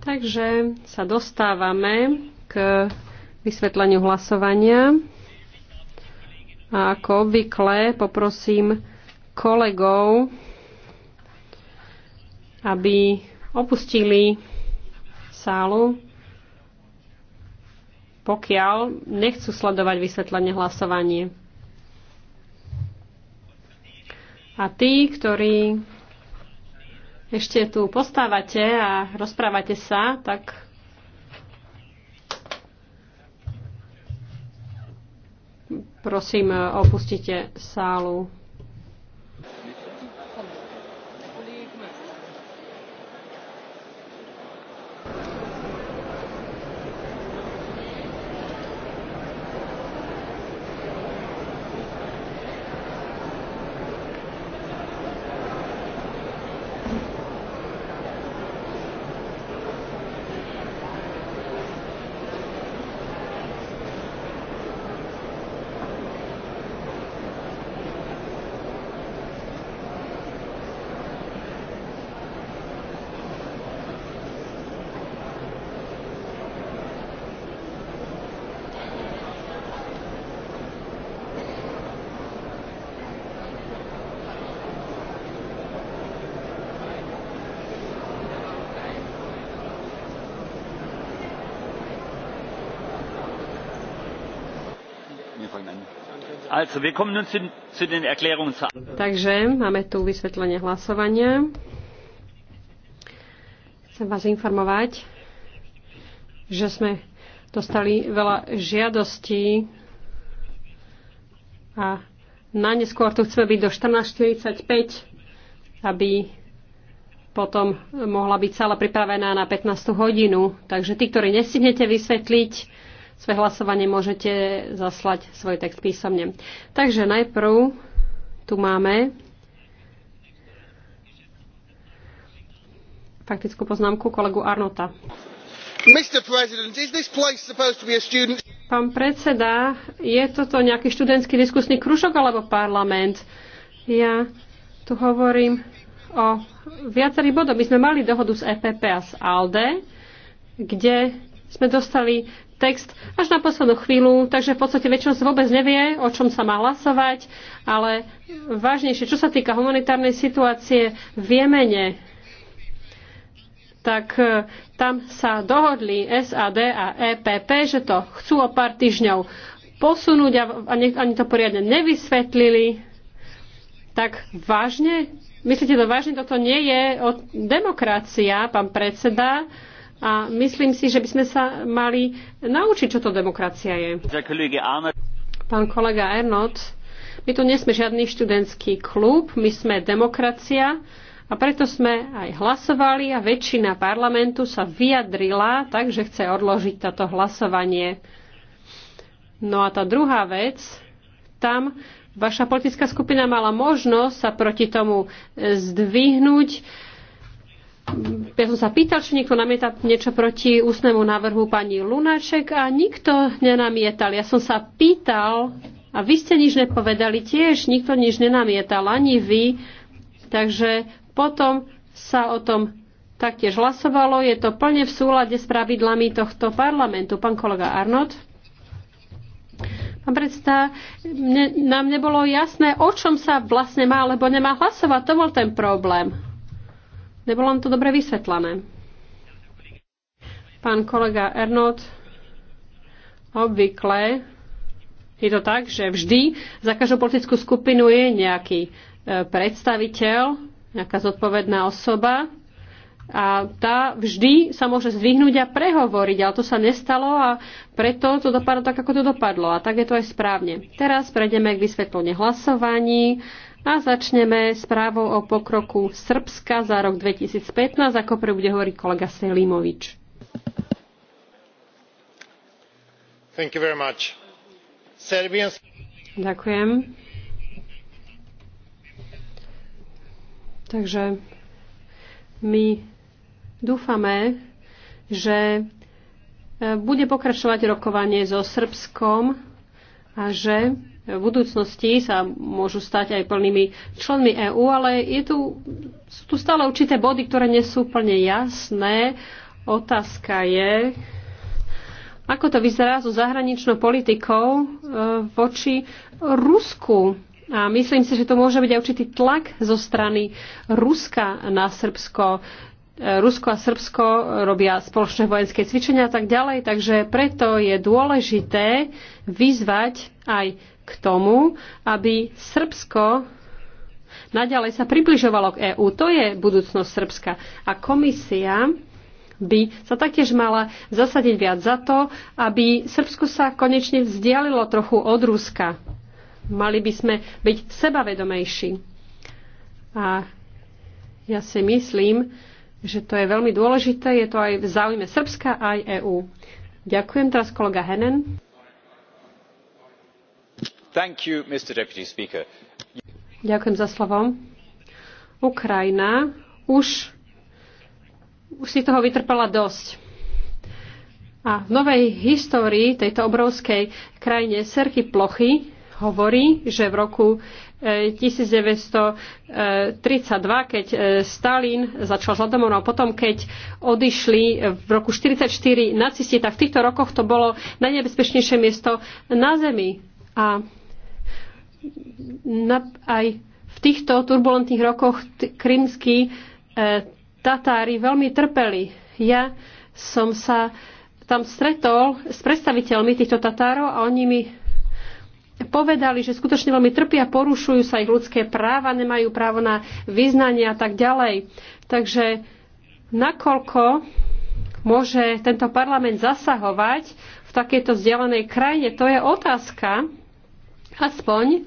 Takže sa dostávame k vysvetleniu hlasovania. A ako obvykle poprosím kolegov, aby opustili sálu, pokiaľ nechcú sledovať vysvetlenie hlasovanie. A tí, ktorí ešte tu postávate a rozprávate sa, tak prosím, opustite sálu. Takže máme tu vysvetlenie hlasovania. Chcem vás informovať, že sme dostali veľa žiadostí a najneskôr tu chceme byť do 14.45, aby potom mohla byť sala pripravená na 15. hodinu. Takže tí, ktorí nestihnete vysvetliť, svoje hlasovanie môžete zaslať svoj text písomne. Takže najprv tu máme faktickú poznámku kolegu Arnota. Pán predseda, je toto nejaký študentský diskusný krušok alebo parlament? Ja tu hovorím o viacerých bodoch. My sme mali dohodu s EPP a s ALDE, kde sme dostali text až na poslednú chvíľu, takže v podstate väčšinosť vôbec nevie, o čom sa má hlasovať, ale vážnejšie, čo sa týka humanitárnej situácie v Jemene, tak e, tam sa dohodli SAD a EPP, že to chcú o pár týždňov posunúť a ani to poriadne nevysvetlili. Tak vážne? Myslíte to vážne? Toto nie je demokracia, pán predseda. A myslím si, že by sme sa mali naučiť, čo to demokracia je. Pán kolega Ernot, my tu nesme žiadny študentský klub, my sme demokracia a preto sme aj hlasovali a väčšina parlamentu sa vyjadrila, takže chce odložiť toto hlasovanie. No a tá druhá vec, tam vaša politická skupina mala možnosť sa proti tomu e, zdvihnúť ja som sa pýtal, či niekto namieta niečo proti ústnemu návrhu pani Lunáček a nikto nenamietal. Ja som sa pýtal a vy ste nič nepovedali tiež, nikto nič nenamietal, ani vy. Takže potom sa o tom taktiež hlasovalo. Je to plne v súlade s pravidlami tohto parlamentu. Pán kolega Arnold. Pán predstá, ne, nám nebolo jasné, o čom sa vlastne má, lebo nemá hlasovať. To bol ten problém Nebolo vám to dobre vysvetlené. Pán kolega Ernot, obvykle je to tak, že vždy za každú politickú skupinu je nejaký e, predstaviteľ, nejaká zodpovedná osoba a tá vždy sa môže zvyhnúť a prehovoriť, ale to sa nestalo a preto to dopadlo tak, ako to dopadlo. A tak je to aj správne. Teraz prejdeme k vysvetlenie hlasovaní. A začneme správou o pokroku Srbska za rok 2015. Ako prvý bude hovoriť kolega Selimovič. Thank you very much. Serbians... Ďakujem. Takže my dúfame, že e, bude pokračovať rokovanie so Srbskom a že v budúcnosti sa môžu stať aj plnými členmi EÚ, ale je tu, sú tu stále určité body, ktoré nie sú úplne jasné. Otázka je, ako to vyzerá so zahraničnou politikou e, voči Rusku. A myslím si, že to môže byť aj určitý tlak zo strany Ruska na Srbsko. E, Rusko a Srbsko robia spoločné vojenské cvičenia a tak ďalej, takže preto je dôležité vyzvať aj k tomu, aby Srbsko naďalej sa približovalo k EÚ. To je budúcnosť Srbska. A komisia by sa taktiež mala zasadiť viac za to, aby Srbsko sa konečne vzdialilo trochu od Ruska. Mali by sme byť sebavedomejší. A ja si myslím, že to je veľmi dôležité. Je to aj v záujme Srbska, aj EÚ. Ďakujem teraz kolega Henen. Ďakujem za slovo. Ukrajina už, už si toho vytrpela dosť. A v novej histórii tejto obrovskej krajine Serky Plochy hovorí, že v roku 1932, e, e, keď e, Stalin začal hladomor a potom, keď odišli v roku 1944 nacisti, tak v týchto rokoch to bolo najnebezpečnejšie miesto na Zemi. A aj v týchto turbulentných rokoch krymskí e, Tatári veľmi trpeli. Ja som sa tam stretol s predstaviteľmi týchto Tatárov a oni mi povedali, že skutočne veľmi trpia, porušujú sa ich ľudské práva, nemajú právo na vyznanie a tak ďalej. Takže nakoľko môže tento parlament zasahovať v takejto vzdialenej krajine, to je otázka. Aspoň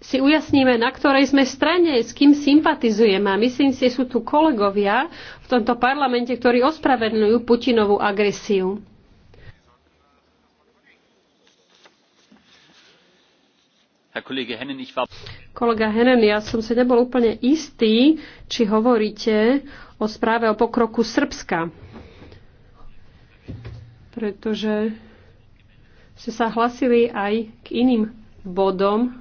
si ujasníme, na ktorej sme strane, s kým sympatizujeme. A myslím si, sú tu kolegovia v tomto parlamente, ktorí ospravedlňujú Putinovú agresiu. Kolega Henen, ja som si nebol úplne istý, či hovoríte o správe o pokroku Srbska. Pretože ste sa hlasili aj k iným bodom,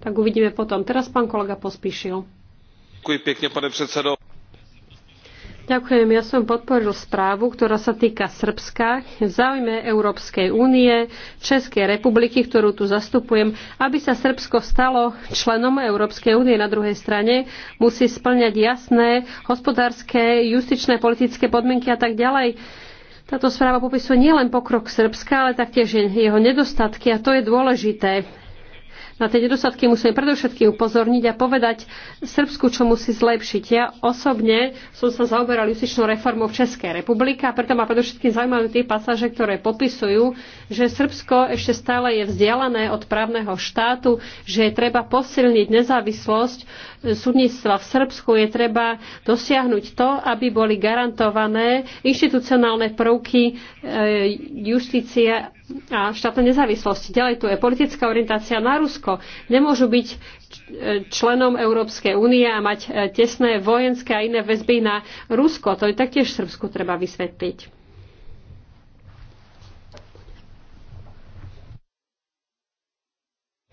tak uvidíme potom. Teraz pán kolega pospíšil. Ďakujem pekne, pane predsedo. Ďakujem, ja som podporil správu, ktorá sa týka Srbska, záujme Európskej únie, Českej republiky, ktorú tu zastupujem. Aby sa Srbsko stalo členom Európskej únie na druhej strane, musí splňať jasné hospodárske, justičné, politické podmienky a tak ďalej táto správa popisuje nielen pokrok Srbska, ale taktiež jeho nedostatky a to je dôležité. Na tie nedostatky musíme predovšetkým upozorniť a povedať Srbsku, čo musí zlepšiť. Ja osobne som sa zaoberal justičnou reformou v Českej republike a preto ma predovšetkým zaujímajú tie pasáže, ktoré popisujú, že Srbsko ešte stále je vzdialené od právneho štátu, že je treba posilniť nezávislosť súdnictva v Srbsku, je treba dosiahnuť to, aby boli garantované inštitucionálne prvky e, justície a štátnej nezávislosti. Ďalej tu je politická orientácia na Rusko. Nemôžu byť členom Európskej únie a mať e, tesné vojenské a iné väzby na Rusko. To je taktiež Srbsku treba vysvetliť.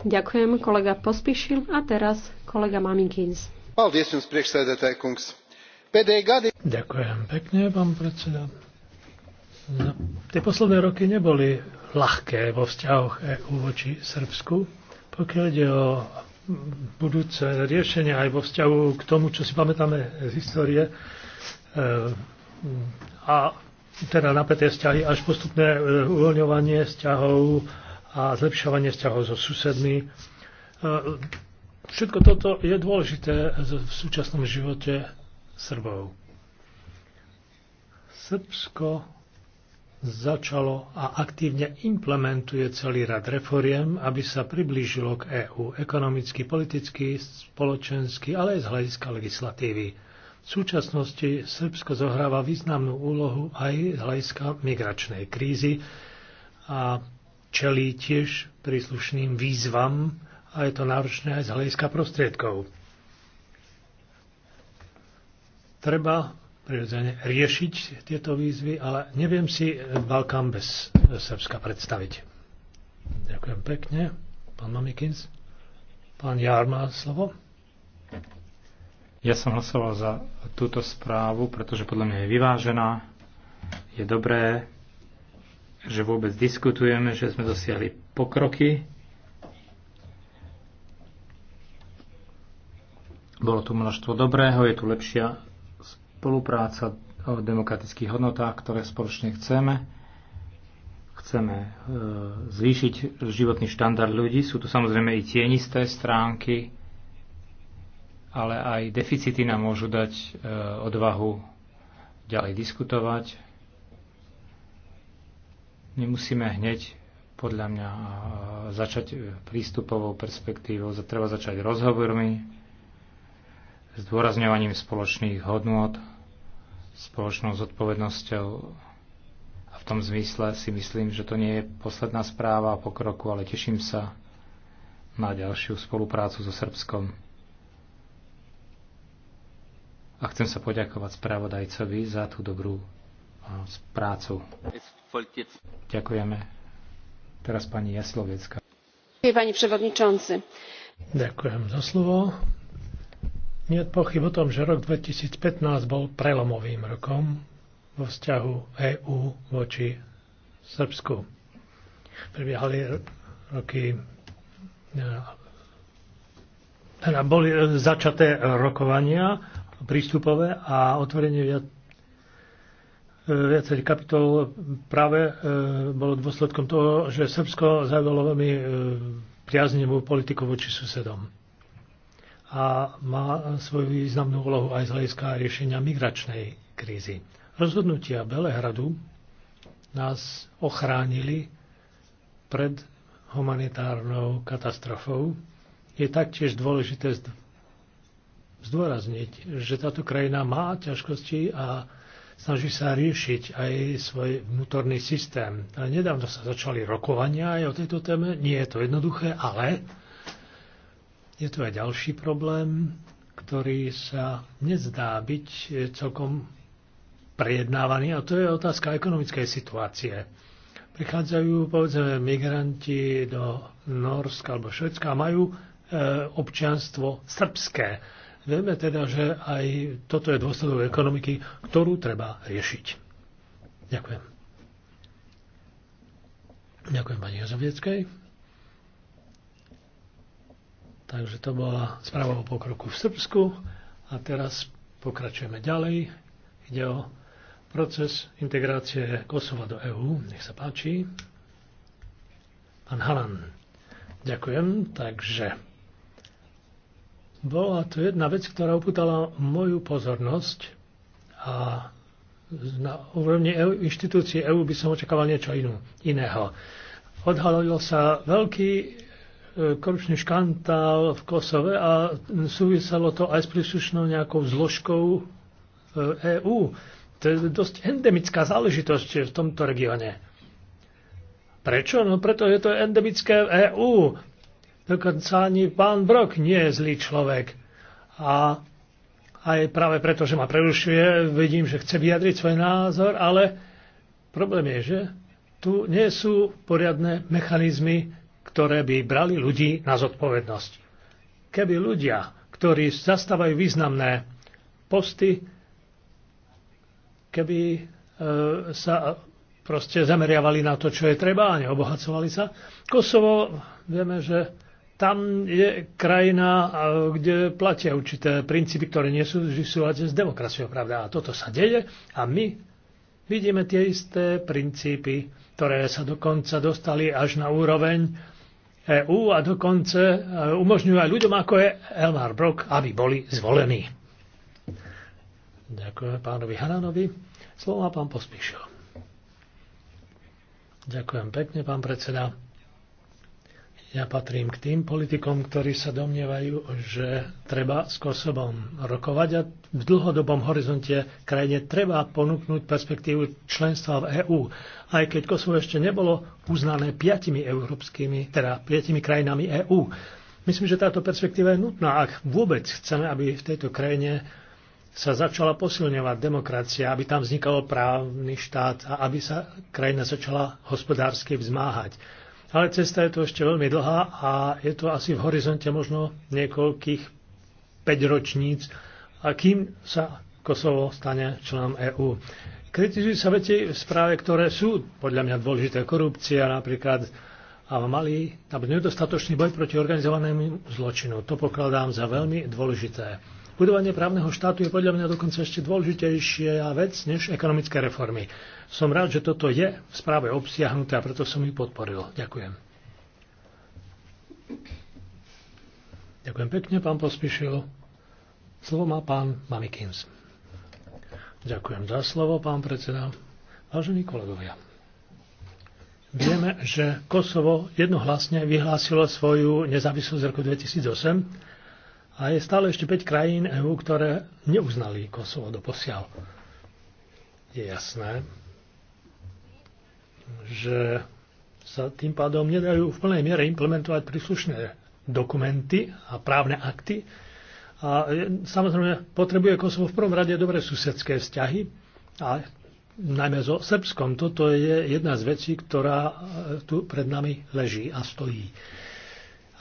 Ďakujem, kolega Pospíšil. A teraz kolega Maminkins. Ďakujem pekne, pán predseda. No, tie posledné roky neboli ľahké vo vzťahoch EU voči Srbsku. Pokiaľ ide o budúce riešenie aj vo vzťahu k tomu, čo si pamätáme z histórie, e, a teda napäté vzťahy až postupné eh, uvoľňovanie vzťahov a zlepšovanie vzťahov so susedmi. E, všetko toto je dôležité v súčasnom živote Srbov. Srbsko začalo a aktívne implementuje celý rad reforiem, aby sa priblížilo k EÚ ekonomicky, politicky, spoločensky, ale aj z hľadiska legislatívy. V súčasnosti Srbsko zohráva významnú úlohu aj z hľadiska migračnej krízy a čelí tiež príslušným výzvam a je to náročné aj z hľadiska prostriedkov. Treba prirodzene riešiť tieto výzvy, ale neviem si Balkán bez Srbska predstaviť. Ďakujem pekne. Pán Mamikins. Pán Jár má slovo. Ja som hlasoval za túto správu, pretože podľa mňa je vyvážená. Je dobré, že vôbec diskutujeme, že sme dosiahli pokroky. Bolo tu množstvo dobrého, je tu lepšia spolupráca o demokratických hodnotách, ktoré spoločne chceme. Chceme e, zvýšiť životný štandard ľudí. Sú tu samozrejme i tienisté stránky, ale aj deficity nám môžu dať e, odvahu ďalej diskutovať. Nemusíme hneď podľa mňa e, začať prístupovou perspektívou, treba začať rozhovormi, zdôrazňovaním spoločných hodnôt, spoločnou zodpovednosťou. A v tom zmysle si myslím, že to nie je posledná správa o pokroku, ale teším sa na ďalšiu spoluprácu so Srbskom. A chcem sa poďakovať spravodajcovi za tú dobrú prácu. Ďakujeme. Teraz pani Jaslovecka. Ďakujem, pani Ďakujem za slovo. Nie pochyb o tom, že rok 2015 bol prelomovým rokom vo vzťahu EÚ voči Srbsku. Prebiehali roky, e, teda boli e, začaté rokovania prístupové a otvorenie viac e, viacerých kapitol práve bolo dôsledkom toho, že Srbsko zaujalo veľmi priaznivú politiku voči susedom a má svoju významnú úlohu aj z hľadiska riešenia migračnej krízy. Rozhodnutia Belehradu nás ochránili pred humanitárnou katastrofou. Je taktiež dôležité zdôrazniť, že táto krajina má ťažkosti a snaží sa riešiť aj svoj vnútorný systém. Nedávno sa začali rokovania aj o tejto téme. Nie je to jednoduché, ale je tu aj ďalší problém, ktorý sa nezdá byť celkom prejednávaný, a to je otázka ekonomickej situácie. Prichádzajú, povedzme, migranti do Norska alebo Švedska a majú e, občianstvo srbské. Vieme teda, že aj toto je dôsledok ekonomiky, ktorú treba riešiť. Ďakujem. Ďakujem pani Jozovieckej. Takže to bola správa o pokroku v Srbsku a teraz pokračujeme ďalej. Ide o proces integrácie Kosova do EÚ. Nech sa páči. Pán Halan. Ďakujem. Takže bola to jedna vec, ktorá upútala moju pozornosť a na úrovni EU, inštitúcie EÚ by som očakával niečo inú, iného. Odhalil sa veľký E, korupčný škandál v Kosove a súviselo to aj s príslušnou nejakou zložkou EÚ. E to je dosť endemická záležitosť v tomto regióne. Prečo? No preto je to endemické v EÚ. Dokonca ani pán Brok nie je zlý človek. A aj práve preto, že ma prerušuje, vidím, že chce vyjadriť svoj názor, ale problém je, že tu nie sú poriadne mechanizmy ktoré by brali ľudí na zodpovednosť. Keby ľudia, ktorí zastávajú významné posty, keby e, sa proste zameriavali na to, čo je treba a neobohacovali sa. Kosovo, vieme, že tam je krajina, e, kde platia určité princípy, ktoré nie sú v s demokraciou, pravda. A toto sa deje a my vidíme tie isté princípy, ktoré sa dokonca dostali až na úroveň EÚ a dokonce e, umožňujú aj ľuďom, ako je Elmar Brock, aby boli zvolení. Ďakujem pánovi Hananovi. Slovo má pán Pospíšo. Ďakujem pekne, pán predseda. Ja patrím k tým politikom, ktorí sa domnievajú, že treba s Kosovom rokovať a v dlhodobom horizonte krajine treba ponúknuť perspektívu členstva v EÚ, aj keď Kosovo ešte nebolo uznané piatimi európskymi, teda piatimi krajinami EÚ. Myslím, že táto perspektíva je nutná, ak vôbec chceme, aby v tejto krajine sa začala posilňovať demokracia, aby tam vznikal právny štát a aby sa krajina začala hospodársky vzmáhať ale cesta je to ešte veľmi dlhá a je to asi v horizonte možno niekoľkých 5 ročníc, a kým sa Kosovo stane členom EÚ. Kritizujú sa veci v správe, ktoré sú podľa mňa dôležité. Korupcia napríklad a malý, nedostatočný boj proti organizovanému zločinu. To pokladám za veľmi dôležité. Budovanie právneho štátu je podľa mňa dokonca ešte dôležitejšia vec než ekonomické reformy. Som rád, že toto je v správe obsiahnuté a preto som ju podporil. Ďakujem. Ďakujem pekne, pán Pospišil. Slovo má pán Mamikins. Ďakujem za slovo, pán predseda. Vážení kolegovia, vieme, že Kosovo jednohlasne vyhlásilo svoju nezávislosť z roku 2008 a je stále ešte 5 krajín EÚ, ktoré neuznali Kosovo posiaľ. Je jasné, že sa tým pádom nedajú v plnej miere implementovať príslušné dokumenty a právne akty. A e, samozrejme potrebuje Kosovo v prvom rade dobré susedské vzťahy a najmä so Srbskom. Toto je jedna z vecí, ktorá e, tu pred nami leží a stojí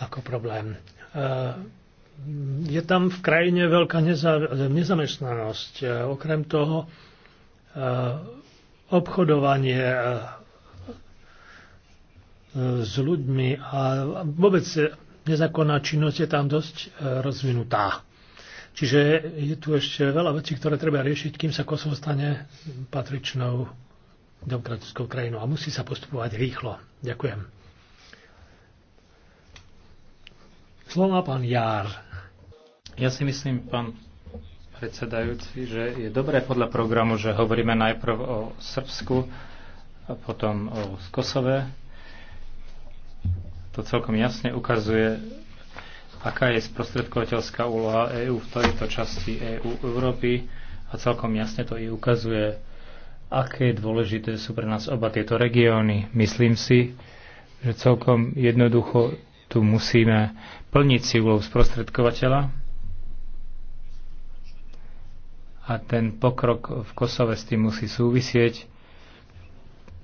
ako problém e, je tam v krajine veľká neza, nezamestnanosť. E, okrem toho e, obchodovanie e, s ľuďmi a vôbec nezákonná činnosť je tam dosť rozvinutá. Čiže je tu ešte veľa vecí, ktoré treba riešiť, kým sa Kosovo stane patričnou demokratickou krajinou. A musí sa postupovať rýchlo. Ďakujem. Slova pán Jár. Ja si myslím, pán predsedajúci, že je dobré podľa programu, že hovoríme najprv o Srbsku a potom o Kosove. To celkom jasne ukazuje, aká je sprostredkovateľská úloha EÚ v tejto časti EÚ Európy a celkom jasne to i ukazuje, aké dôležité sú pre nás oba tieto regióny. Myslím si, že celkom jednoducho tu musíme plniť si úlohu sprostredkovateľa a ten pokrok v Kosove s tým musí súvisieť,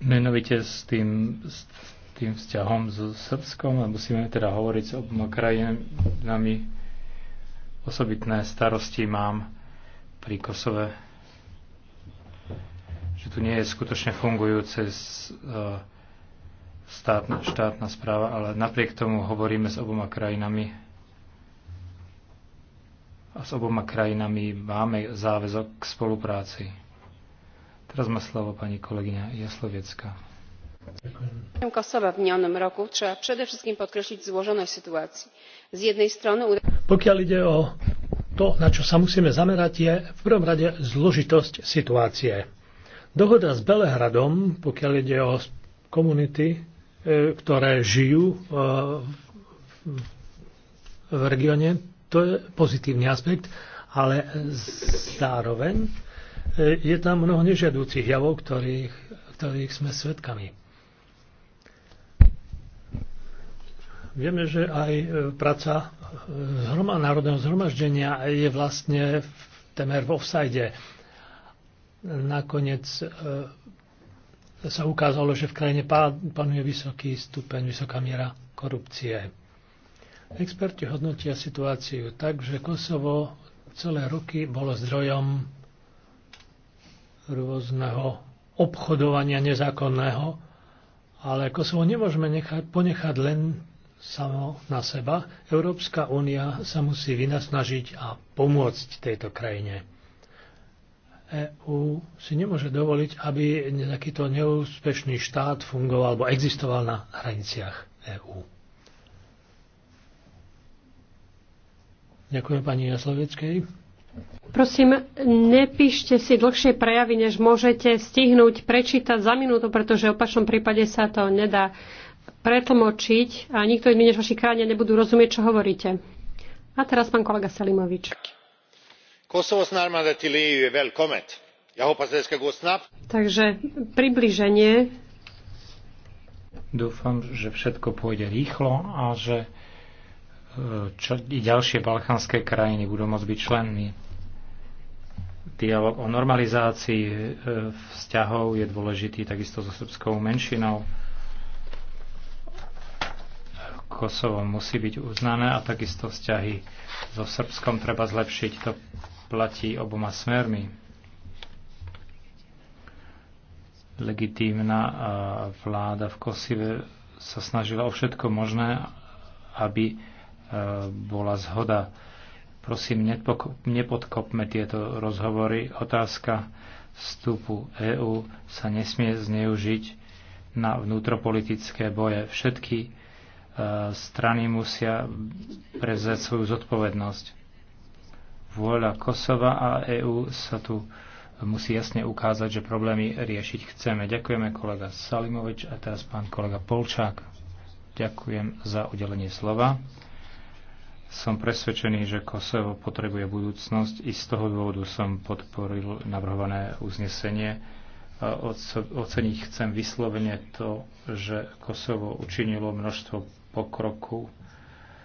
menovite s tým, s tým vzťahom so Srbskom a musíme teda hovoriť s oboma krajinami. Osobitné starosti mám pri Kosove, že tu nie je skutočne fungujúce e, štátna, štátna správa, ale napriek tomu hovoríme s oboma krajinami a s oboma krajinami máme záväzok k spolupráci. Teraz má slovo pani kolegyňa Jasloviecka. Ďakujem. Kosova v minulom roku treba przede wszystkim podkreślić złożoność sytuacji. Z jednej strany... Pokiaľ ide o to, na čo sa musíme zamerať, je v prvom rade zložitosť situácie. Dohoda s Belehradom, pokiaľ ide o komunity, e, ktoré žijú e, v regióne to je pozitívny aspekt, ale zároveň e, je tam mnoho nežiadúcich javov, ktorých, ktorých sme svedkami. Vieme, že aj e, práca e, zhroma, národného zhromaždenia je vlastne temer v offside. Nakoniec sa ukázalo, že v krajine panuje vysoký stupeň, vysoká miera korupcie. Experti hodnotia situáciu tak, že Kosovo celé roky bolo zdrojom rôzneho obchodovania nezákonného, ale Kosovo nemôžeme nechať, ponechať len samo na seba. Európska únia sa musí vynasnažiť a pomôcť tejto krajine. EÚ si nemôže dovoliť, aby takýto neúspešný štát fungoval alebo existoval na hraniciach EÚ. Ďakujem pani Jasloveckej. Prosím, nepíšte si dlhšie prejavy, než môžete stihnúť prečítať za minútu, pretože v opačnom prípade sa to nedá pretlmočiť a nikto iný než vaši kráne nebudú rozumieť, čo hovoríte. A teraz pán kolega Selimovič. Kosovo snármada till EU är välkommet. hoppas ska Takže približenie. Dúfam, že všetko pôjde rýchlo a že čo i ďalšie balkánske krajiny budú môcť byť členmi. Dialóg o normalizácii e, vzťahov je dôležitý takisto so srbskou menšinou. Kosovo musí byť uznané a takisto vzťahy so Srbskom treba zlepšiť. To platí oboma smermi. Legitímna e, vláda v Kosive sa snažila o všetko možné, aby bola zhoda. Prosím, nepodkopme tieto rozhovory. Otázka vstupu EÚ sa nesmie zneužiť na vnútropolitické boje. Všetky e, strany musia prevzať svoju zodpovednosť. Vôľa Kosova a EÚ sa tu musí jasne ukázať, že problémy riešiť chceme. Ďakujeme kolega Salimovič a teraz pán kolega Polčák. Ďakujem za udelenie slova. Som presvedčený, že Kosovo potrebuje budúcnosť i z toho dôvodu som podporil navrhované uznesenie. Oceniť chcem vyslovene to, že Kosovo učinilo množstvo pokroku,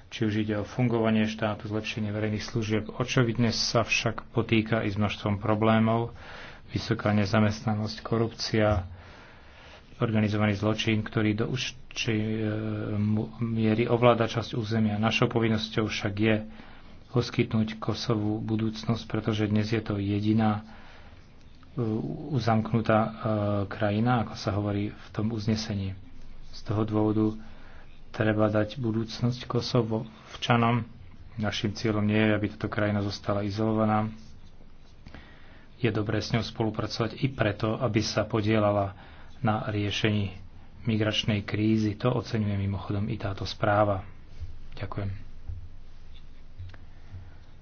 či už ide o fungovanie štátu, zlepšenie verejných služieb. Očovidne sa však potýka i s množstvom problémov, vysoká nezamestnanosť, korupcia, organizovaný zločin, ktorý do už či, e, miery ovláda časť územia. Našou povinnosťou však je poskytnúť Kosovu budúcnosť, pretože dnes je to jediná e, uzamknutá e, krajina, ako sa hovorí v tom uznesení. Z toho dôvodu treba dať budúcnosť Kosovo včanom. Našim cieľom nie je, aby táto krajina zostala izolovaná. Je dobré s ňou spolupracovať i preto, aby sa podielala na riešení migračnej krízy. To oceňuje mimochodom i táto správa. Ďakujem.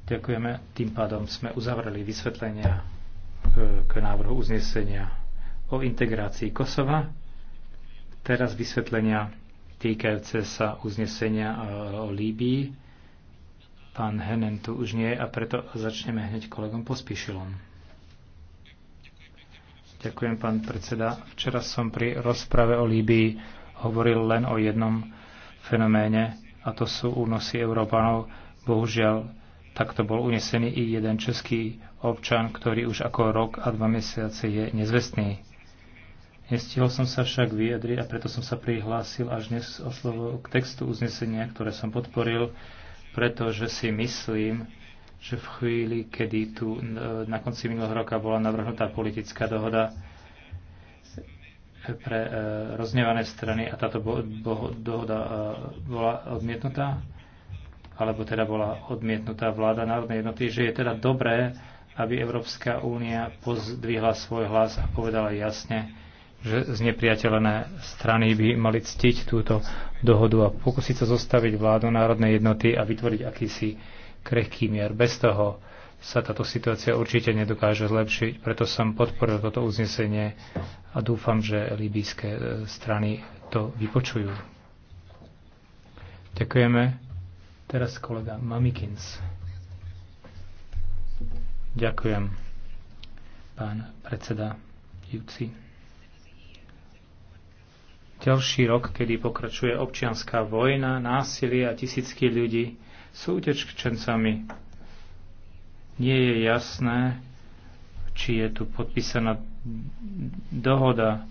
Ďakujeme. Tým pádom sme uzavreli vysvetlenia e, k návrhu uznesenia o integrácii Kosova. Teraz vysvetlenia týkajúce sa uznesenia e, o Líbii. Pán Henen tu už nie a preto začneme hneď kolegom Pospíšilom. Ďakujem, pán predseda. Včera som pri rozprave o Líbii hovoril len o jednom fenoméne, a to sú únosy Európanov. Bohužiaľ, takto bol unesený i jeden český občan, ktorý už ako rok a dva mesiace je nezvestný. Nestihol som sa však vyjadriť a preto som sa prihlásil až dnes o slovo k textu uznesenia, ktoré som podporil, pretože si myslím, že v chvíli, kedy tu e, na konci minulého roka bola navrhnutá politická dohoda pre e, roznevané strany a táto dohoda e, bola odmietnutá, alebo teda bola odmietnutá vláda národnej jednoty, že je teda dobré, aby Európska únia pozdvihla svoj hlas a povedala jasne, že znepriateľené strany by mali ctiť túto dohodu a pokúsiť sa zostaviť vládu národnej jednoty a vytvoriť akýsi krehký mier. Bez toho sa táto situácia určite nedokáže zlepšiť, preto som podporil toto uznesenie a dúfam, že libijské e, strany to vypočujú. Ďakujeme. Teraz kolega Mamikins. Ďakujem, pán predseda Júci. Ďalší rok, kedy pokračuje občianská vojna, násilie a tisícky ľudí sú utečkčencami. Nie je jasné, či je tu podpísaná dohoda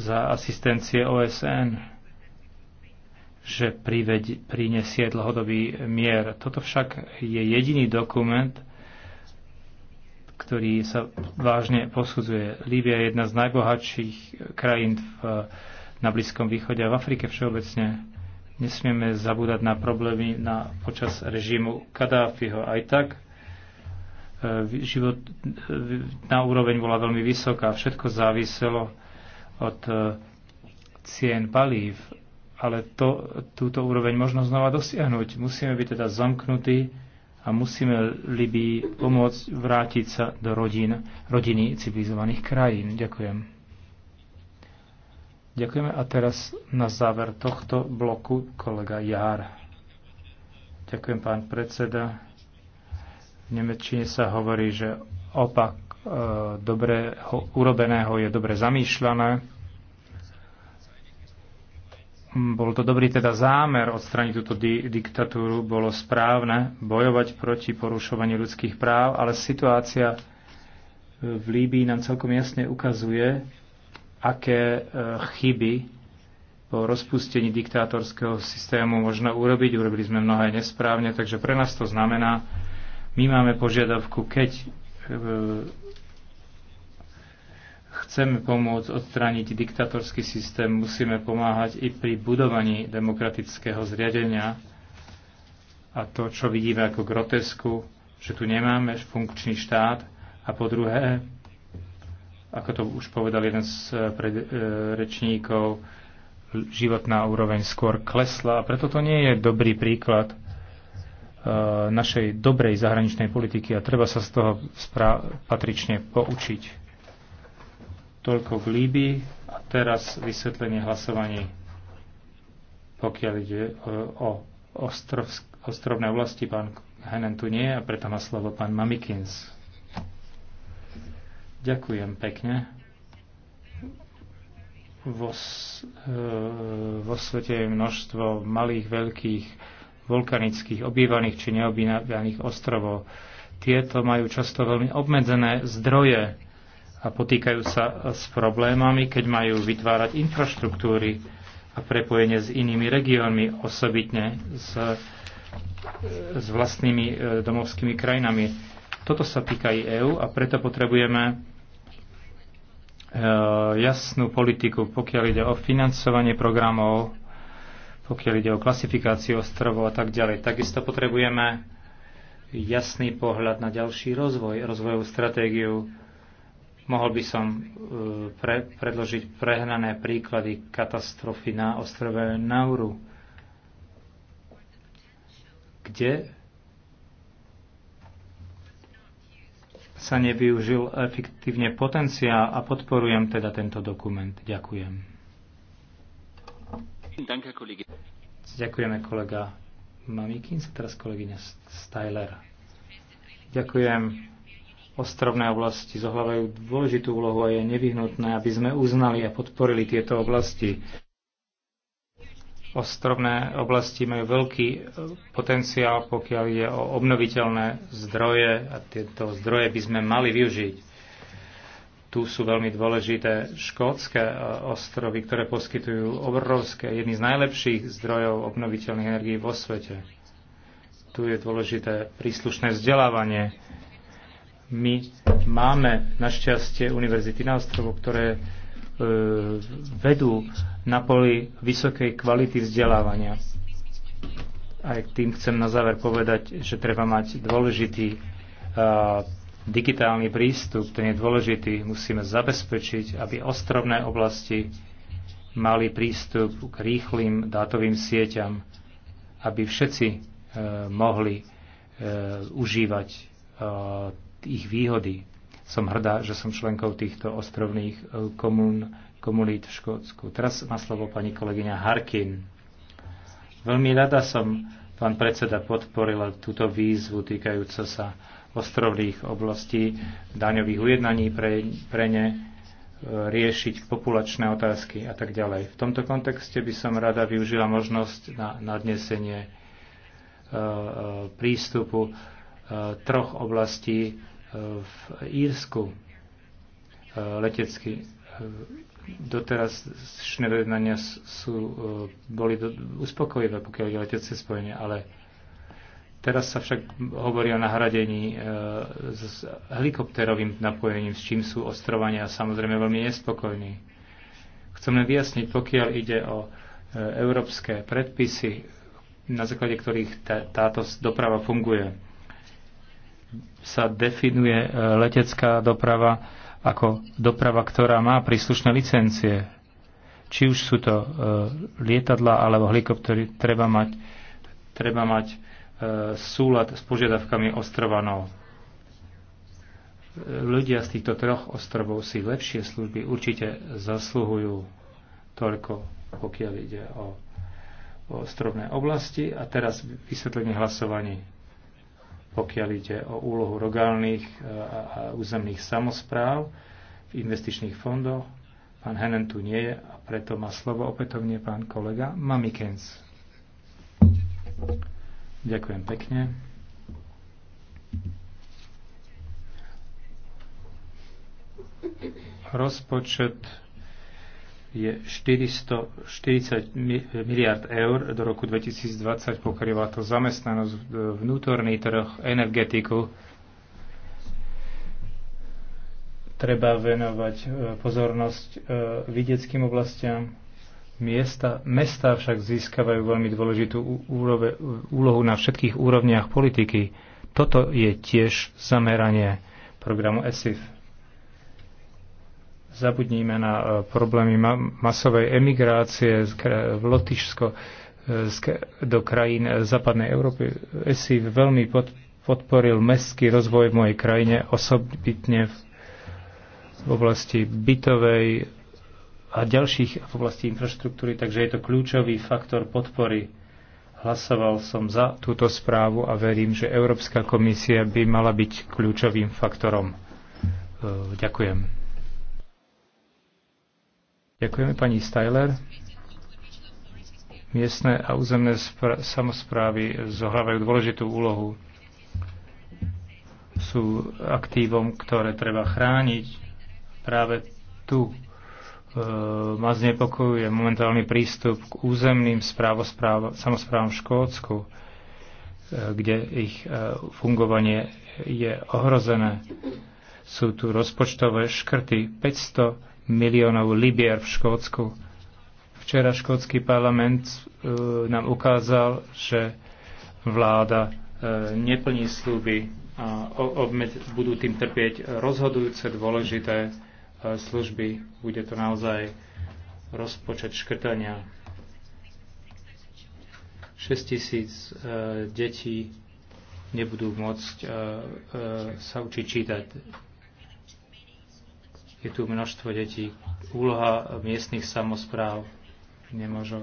za asistencie OSN, že priveď, prinesie dlhodobý mier. Toto však je jediný dokument, ktorý sa vážne posudzuje. Líbia je jedna z najbohatších krajín v, na Blízkom východe a v Afrike všeobecne. Nesmieme zabúdať na problémy na, počas režimu Kadáfiho. Aj tak e, život e, na úroveň bola veľmi vysoká. Všetko záviselo od e, cien palív, ale to, túto úroveň možno znova dosiahnuť. Musíme byť teda zamknutí a musíme Libii pomôcť vrátiť sa do rodín, rodiny civilizovaných krajín. Ďakujem. Ďakujeme a teraz na záver tohto bloku kolega Jár. Ďakujem, pán predseda. V Nemečine sa hovorí, že opak e, dobre urobeného je dobre zamýšľané. Bol to dobrý teda zámer odstraniť túto di- diktatúru, bolo správne bojovať proti porušovaniu ľudských práv, ale situácia v Líbii nám celkom jasne ukazuje, aké e, chyby po rozpustení diktátorského systému možno urobiť. Urobili sme mnohé nesprávne, takže pre nás to znamená, my máme požiadavku, keď e, chceme pomôcť odstrániť diktatorský systém, musíme pomáhať i pri budovaní demokratického zriadenia a to, čo vidíme ako grotesku, že tu nemáme funkčný štát a po druhé, ako to už povedal jeden z eh, pred eh, rečníkov, životná úroveň skôr klesla a preto to nie je dobrý príklad eh, našej dobrej zahraničnej politiky a treba sa z toho patrične poučiť. Toľko k Líbii a teraz vysvetlenie hlasovaní, pokiaľ ide o ostrov, ostrovné oblasti pán Henen tu nie a preto má slovo pán Mamikins. Ďakujem pekne. Vo, e, vo svete je množstvo malých, veľkých, vulkanických, obývaných či neobývaných ostrovov. Tieto majú často veľmi obmedzené zdroje a potýkajú sa s problémami, keď majú vytvárať infraštruktúry a prepojenie s inými regiónmi, osobitne s, e, s vlastnými e, domovskými krajinami. Toto sa týka aj EÚ a preto potrebujeme Eh, jasnú politiku, pokiaľ ide o financovanie programov, pokiaľ ide o klasifikáciu ostrovov a tak ďalej. Takisto potrebujeme jasný pohľad na ďalší rozvoj, rozvojovú stratégiu. Mohol by som eh, pre, predložiť prehnané príklady katastrofy na ostrove Nauru, kde sa nevyužil efektívne potenciál a podporujem teda tento dokument. Ďakujem. Ďakujeme kolega Mamikins a teraz kolegyňa Styler. Ďakujem. Ostrovné oblasti zohľavajú dôležitú úlohu a je nevyhnutné, aby sme uznali a podporili tieto oblasti. Ostrovné oblasti majú veľký e, potenciál, pokiaľ ide o obnoviteľné zdroje a tieto zdroje by sme mali využiť. Tu sú veľmi dôležité škótske e, ostrovy, ktoré poskytujú obrovské, jedny z najlepších zdrojov obnoviteľných energií vo svete. Tu je dôležité príslušné vzdelávanie. My máme našťastie univerzity na ostrovu, ktoré E, vedú na poli vysokej kvality vzdelávania. Aj tým chcem na záver povedať, že treba mať dôležitý e, digitálny prístup, ten je dôležitý. Musíme zabezpečiť, aby ostrovné oblasti mali prístup k rýchlým dátovým sieťam, aby všetci e, mohli e, užívať e, ich výhody som hrdá, že som členkou týchto ostrovných eh, komun, komunít v Škótsku. Teraz má slovo pani kolegyňa Harkin. Veľmi rada som, pán predseda, podporila túto výzvu týkajúco sa ostrovných oblastí daňových ujednaní pre, pre ne eh, riešiť populačné otázky a tak ďalej. V tomto kontexte by som rada využila možnosť na nadnesenie eh, prístupu troch oblastí v Írsku e, letecky e, doteraz dojednania sú, e, boli do, uspokojivé, pokiaľ je letecké spojenie, ale teraz sa však hovorí o nahradení s helikopterovým napojením, s čím sú ostrovania samozrejme veľmi nespokojní. Chcem len vyjasniť, pokiaľ ide o európske predpisy, na základe ktorých táto doprava funguje sa definuje e, letecká doprava ako doprava, ktorá má príslušné licencie. Či už sú to e, lietadla alebo helikoptery, treba mať, treba mať e, súlad s požiadavkami ostrovanov. Ľudia z týchto troch ostrovov si lepšie služby určite zasluhujú toľko, pokiaľ ide o ostrovné oblasti. A teraz vysvetlenie hlasovaní pokiaľ ide o úlohu rogálnych e, a územných samozpráv v investičných fondoch. Pán Henen tu nie je a preto má slovo opätovne pán kolega Mamikens. Ďakujem pekne. Rozpočet je 440 miliard eur do roku 2020, pokrýva to zamestnanosť, e, vnútorný trh, energetiku. Treba venovať e, pozornosť e, vidieckým oblastiam. Miesta, mesta však získavajú veľmi dôležitú úrove, úlohu na všetkých úrovniach politiky. Toto je tiež zameranie programu ESIF. Zabudníme na e, problémy masovej emigrácie v Lotyšsko e, do krajín e, západnej Európy. ESI veľmi podporil mestský rozvoj v mojej krajine, osobitne v oblasti bytovej a ďalších v oblasti infraštruktúry, takže je to kľúčový faktor podpory Hlasoval som za túto správu a verím, že Európska komisia by mala byť kľúčovým faktorom. Ďakujem. Ďakujeme pani Styler. Miestne a územné samozprávy zohrávajú dôležitú úlohu. Sú aktívom, ktoré treba chrániť. Práve tu e, ma znepokojuje momentálny prístup k územným samozprávam v Škótsku, e, kde ich e, fungovanie je ohrozené. Sú tu rozpočtové škrty 500 miliónov libier v Škótsku. Včera škótsky parlament e, nám ukázal, že vláda e, neplní sluby a obmed, budú tým trpieť rozhodujúce dôležité e, služby. Bude to naozaj rozpočet škrtania. 6 tisíc detí nebudú môcť sa učiť čítať. Je tu množstvo detí. Úloha miestnych samozpráv nemôže,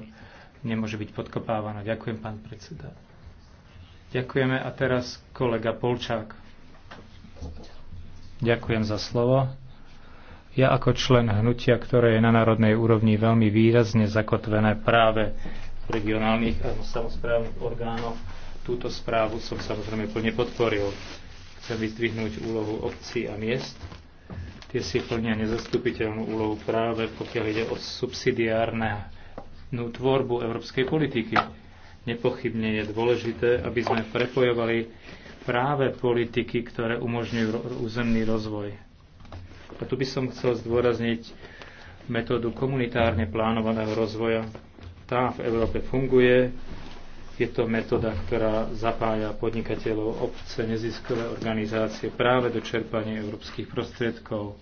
nemôže byť podkopávaná. Ďakujem, pán predseda. Ďakujeme a teraz kolega Polčák. Ďakujem za slovo. Ja ako člen hnutia, ktoré je na národnej úrovni veľmi výrazne zakotvené práve v regionálnych a samozprávnych orgánoch, túto správu som samozrejme plne podporil. Chcem vyzdvihnúť úlohu obcí a miest Tie si plnia nezastupiteľnú úlohu práve pokiaľ ide o subsidiárnu tvorbu európskej politiky. Nepochybne je dôležité, aby sme prepojovali práve politiky, ktoré umožňujú územný rozvoj. A tu by som chcel zdôrazniť metódu komunitárne plánovaného rozvoja. Tá v Európe funguje, je to metóda, ktorá zapája podnikateľov, obce, neziskové organizácie práve do čerpania európskych prostriedkov.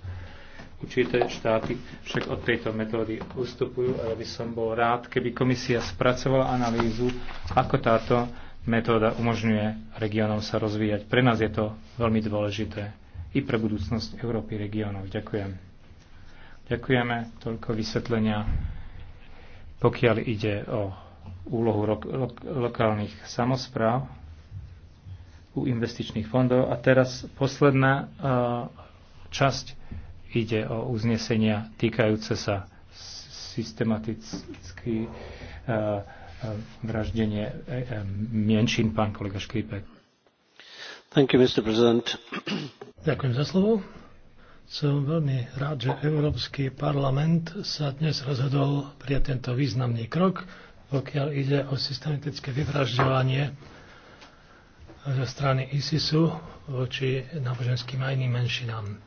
Určité štáty však od tejto metódy ustupujú a ja by som bol rád, keby komisia spracovala analýzu, ako táto metóda umožňuje regiónom sa rozvíjať. Pre nás je to veľmi dôležité i pre budúcnosť Európy regiónov. Ďakujem. Ďakujeme. Toľko vysvetlenia, pokiaľ ide o úlohu lo- lo- lokálnych samozpráv u investičných fondov. A teraz posledná e, časť ide o uznesenia týkajúce sa systematicky e, e, vraždenie menšín. Pán kolega Škripek. Thank you, Mr. President. Ďakujem za slovo. Som veľmi rád, že Európsky parlament sa dnes rozhodol prijať tento významný krok, pokiaľ ide o systematické vyvražďovanie e, zo strany ISISu voči náboženským a iným menšinám.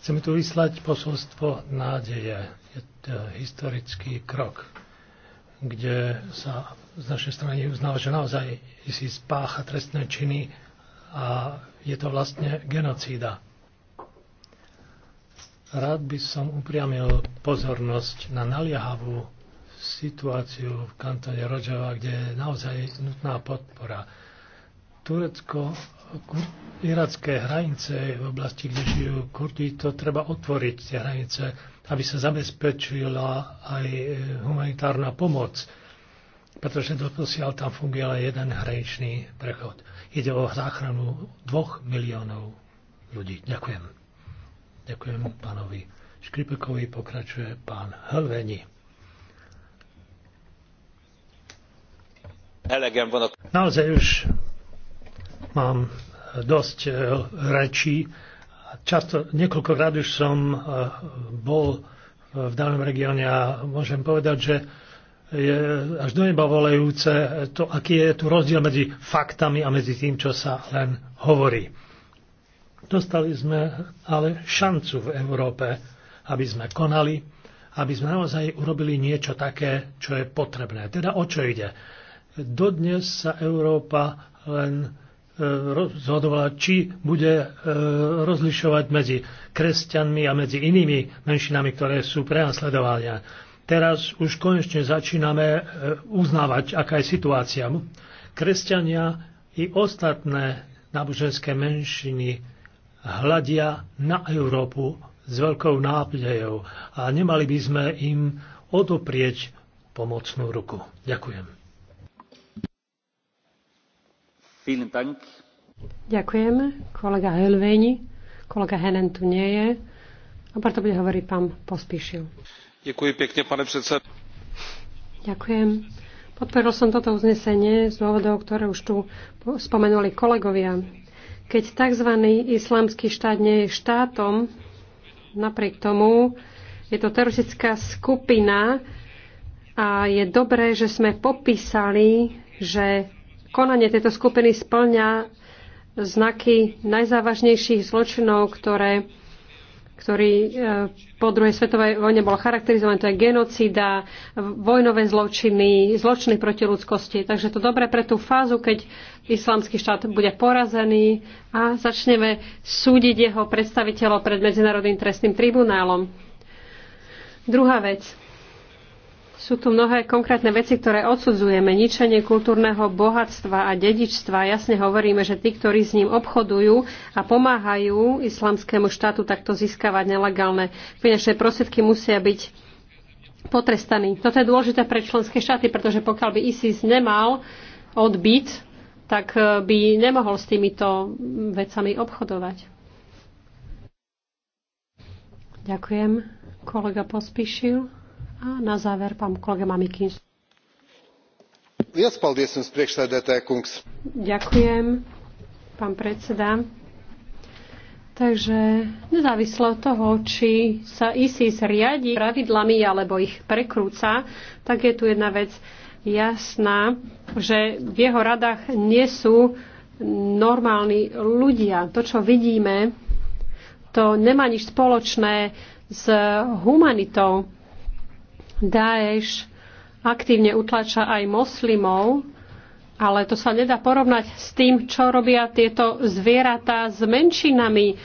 Chceme tu vyslať posolstvo nádeje. Je to historický krok, kde sa z našej strany uznáva, že naozaj ISIS pácha trestné činy a je to vlastne genocída. Rád by som upriamil pozornosť na naliehavú situáciu v kantone Rožava, kde je naozaj nutná podpora. Turecko, iracké hranice v oblasti, kde žijú Kurdi, to treba otvoriť, tie hranice, aby sa zabezpečila aj e, humanitárna pomoc, pretože doposiaľ tam funguje len jeden hraničný prechod. Ide o záchranu dvoch miliónov ľudí. Ďakujem. Ďakujem pánovi Škripekovi, pokračuje pán Helveni. Naozaj už mám dosť eh, rečí. Často, niekoľkokrát už som eh, bol eh, v danom regióne a môžem povedať, že je až do neba volejúce to, aký je tu rozdiel medzi faktami a medzi tým, čo sa len hovorí. Dostali sme ale šancu v Európe, aby sme konali, aby sme naozaj urobili niečo také, čo je potrebné. Teda o čo ide? Dodnes sa Európa len e, rozhodovala, či bude e, rozlišovať medzi kresťanmi a medzi inými menšinami, ktoré sú prenasledovania. Teraz už konečne začíname e, uznávať, aká je situácia. Kresťania i ostatné náboženské menšiny hľadia na Európu s veľkou náplňou a nemali by sme im odoprieť pomocnú ruku. Ďakujem. Ďakujem. Kolega Helvéni. Kolega Henen tu nie je. A preto bude hovoriť pán Pospíšil. Ďakujem pekne, pane predseda. Ďakujem. Podporil som toto uznesenie z dôvodov, ktoré už tu spomenuli kolegovia. Keď tzv. islamský štát nie je štátom, napriek tomu je to teroristická skupina a je dobré, že sme popísali, že konanie tejto skupiny splňa znaky najzávažnejších zločinov, ktoré, ktorý e, po druhej svetovej vojne bol charakterizovaný. To je genocída, vojnové zločiny, zločiny proti ľudskosti. Takže to dobre pre tú fázu, keď islamský štát bude porazený a začneme súdiť jeho predstaviteľov pred Medzinárodným trestným tribunálom. Druhá vec sú tu mnohé konkrétne veci, ktoré odsudzujeme. Ničenie kultúrneho bohatstva a dedičstva. Jasne hovoríme, že tí, ktorí s ním obchodujú a pomáhajú islamskému štátu takto získavať nelegálne finančné prostriedky, musia byť potrestaní. Toto je dôležité pre členské štáty, pretože pokiaľ by ISIS nemal odbyt, tak e, by nemohol s týmito vecami obchodovať. Ďakujem. Kolega pospíšil. A na záver pán kolega Mamikins. Ďakujem, pán predseda. Takže nezávisle od toho, či sa ISIS riadi pravidlami alebo ich prekrúca, tak je tu jedna vec jasná, že v jeho radách nie sú normálni ľudia. To, čo vidíme, to nemá nič spoločné s humanitou. Daesh aktívne utlača aj moslimov, ale to sa nedá porovnať s tým, čo robia tieto zvieratá s menšinami, e,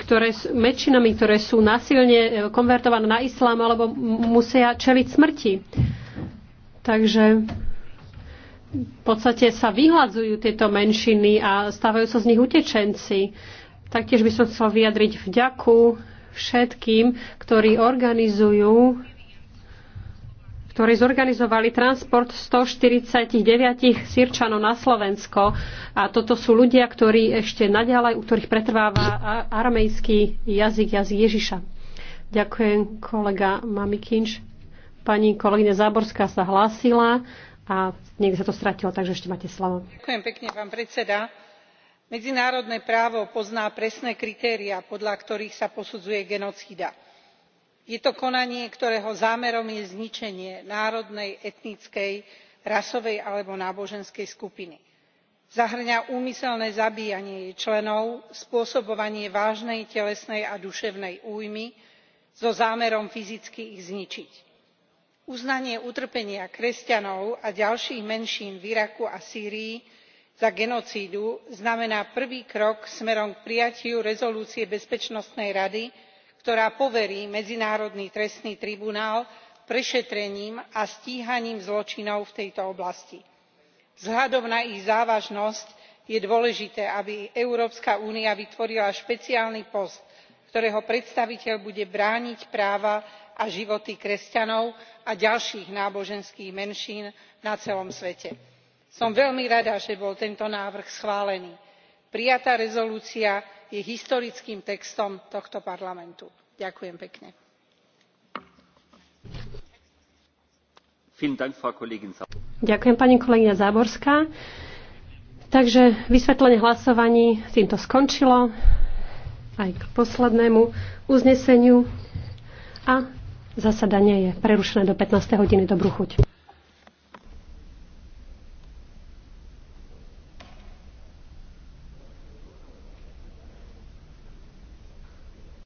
ktoré, menšinami, ktoré sú nasilne e, konvertované na islám alebo musia čeliť smrti. Takže v podstate sa vyhľadzujú tieto menšiny a stávajú sa z nich utečenci. Taktiež by som chcel vyjadriť vďaku všetkým, ktorí organizujú ktorí zorganizovali transport 149 sírčanov na Slovensko. A toto sú ľudia, ktorí ešte naďalej, u ktorých pretrváva aramejský jazyk, jazyk Ježiša. Ďakujem, kolega Mamikinč. Pani kolegyňa Záborská sa hlásila a niekde sa to stratilo, takže ešte máte slovo. Ďakujem pekne, pán predseda. Medzinárodné právo pozná presné kritéria, podľa ktorých sa posudzuje genocída je to konanie ktorého zámerom je zničenie národnej etnickej rasovej alebo náboženskej skupiny. zahŕňa úmyselné zabíjanie jej členov spôsobovanie vážnej telesnej a duševnej újmy so zámerom fyzicky ich zničiť. uznanie utrpenia kresťanov a ďalších menšín v iraku a sýrii za genocídu znamená prvý krok smerom k prijatiu rezolúcie bezpečnostnej rady ktorá poverí medzinárodný trestný tribunál prešetrením a stíhaním zločinov v tejto oblasti. vzhľadom na ich závažnosť je dôležité aby európska únia vytvorila špeciálny post ktorého predstaviteľ bude brániť práva a životy kresťanov a ďalších náboženských menšín na celom svete. som veľmi rada že bol tento návrh schválený prijatá rezolúcia je historickým textom tohto parlamentu. ďakujem pekne. ďakujem pani kolegyňa záborská. takže vysvetlenie hlasovaní týmto skončilo aj k poslednému uzneseniu a zasadanie je prerušené do 15. hodiny. Dobrú chuť.